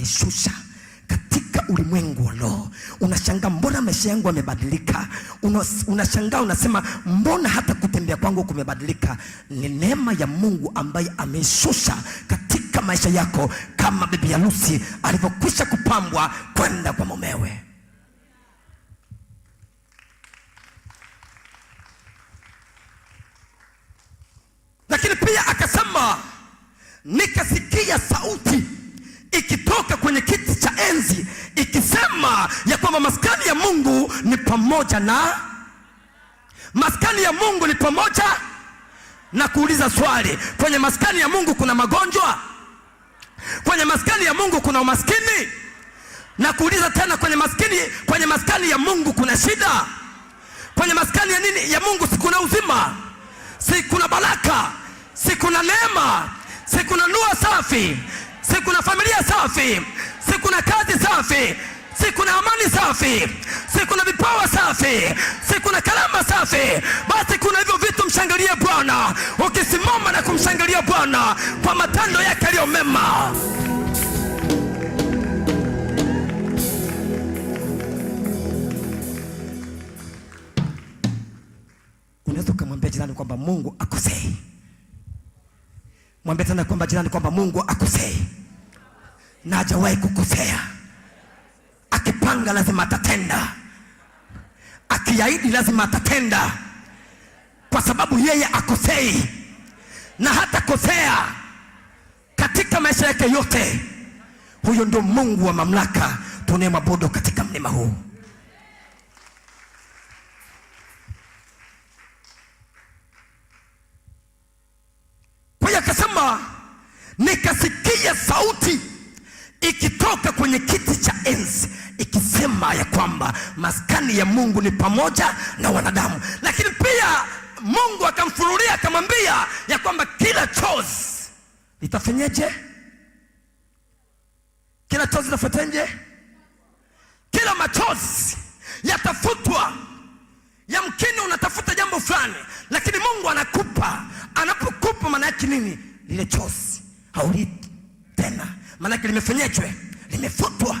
nishusha katika ulimwengu wa roho. Unashangaa mbona maisha yangu yamebadilika. Unashangaa unasema mbona hata kutembea kwangu kumebadilika. Ni neema ya Mungu ambaye ameshusha katika maisha yako, kama bibi harusi alivyokwisha kupambwa kwenda kwa mumewe. Lakini pia akasema nikasikia sauti hizi ikisema ya kwamba maskani ya Mungu ni pamoja na maskani ya Mungu ni pamoja na kuuliza swali, kwenye maskani ya Mungu kuna magonjwa? Kwenye maskani ya Mungu kuna umaskini? Na kuuliza tena, kwenye maskini, kwenye maskani ya Mungu kuna shida? Kwenye maskani ya nini ya Mungu si kuna uzima, si kuna baraka, si kuna neema, si kuna ndoa safi, si kuna familia safi kuna kazi safi, si kuna amani safi, si kuna vipawa safi, si kuna kalamba safi, basi kuna hivyo vitu. Mshangilie Bwana ukisimama na kumshangilia Bwana kwa matendo yake yaliyo mema. Unaweza ukamwambia jirani kwamba Mungu akusei, mwambie tena kwamba jirani kwamba Mungu akusei na hajawahi kukosea. Akipanga lazima atatenda, akiahidi lazima atatenda, kwa sababu yeye akosei na hata kosea katika maisha yake yote. Huyo ndio Mungu wa mamlaka tunayemwabudu katika mlima huu. Kwa hiyo akasema, nikasikia sauti maskani ya Mungu ni pamoja na wanadamu, lakini pia Mungu akamfunulia akamwambia ya kwamba kila chozi litafanyeje? Kila chozi litafanyeje? Kila machozi yatafutwa. Yamkini unatafuta jambo fulani, lakini Mungu anakupa. Anapokupa maana yake nini? Lile chozi hauli tena, maana yake limefanyechwe, limefutwa.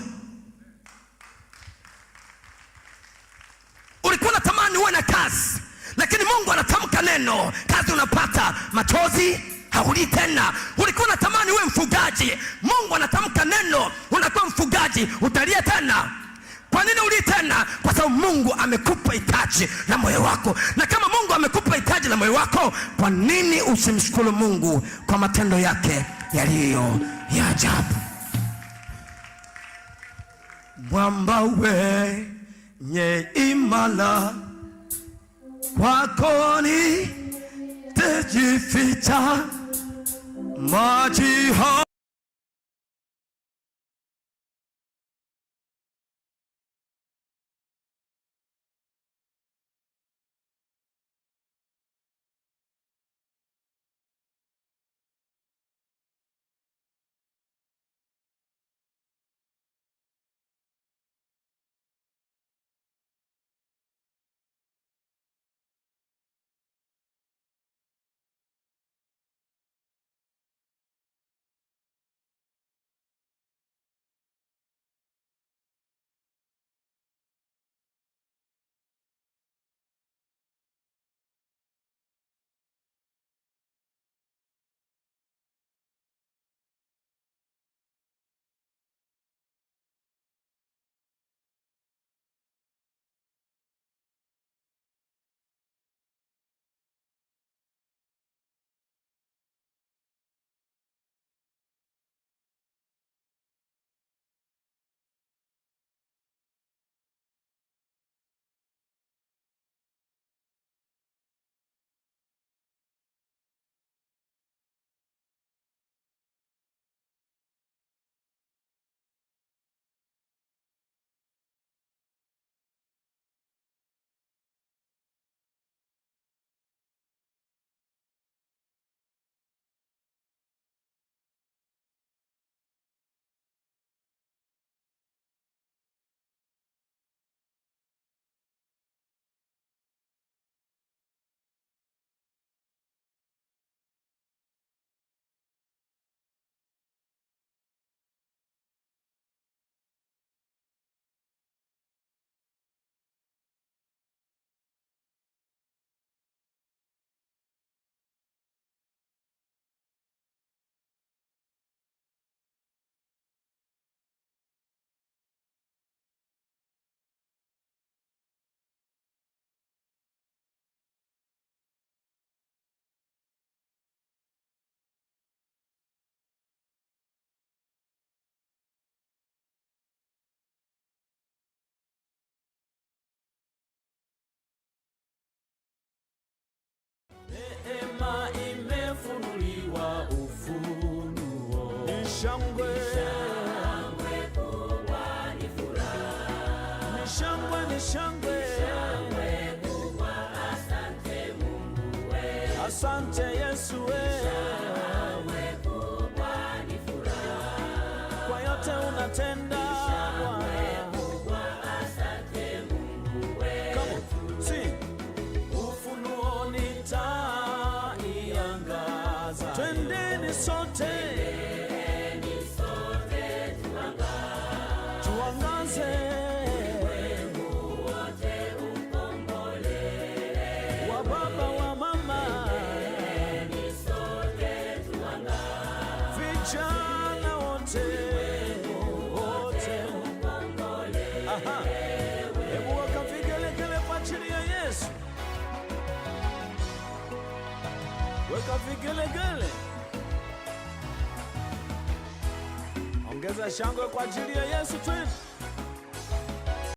Mungu anatamka neno, kazi unapata, machozi haulii tena. Ulikuwa unatamani uwe mfugaji, Mungu anatamka neno, unakuwa mfugaji, utalia tena. Kwa nini uli tena? Kwa sababu Mungu amekupa hitaji la moyo wako, na kama Mungu amekupa hitaji la moyo wako, kwa nini usimshukuru Mungu kwa matendo yake yaliyo ya ajabu? Mwamba wenye imara kwakoni tejificha maji shangwe, shangwe kubwa. Asante Mungu we, asante Yesu we, shangwe kubwa ni furaha kwa yote unatenda Ufunuo iangaza twendeni sote weka vigelegele, ongeza shangwe kwa ajili ya Yesu twende.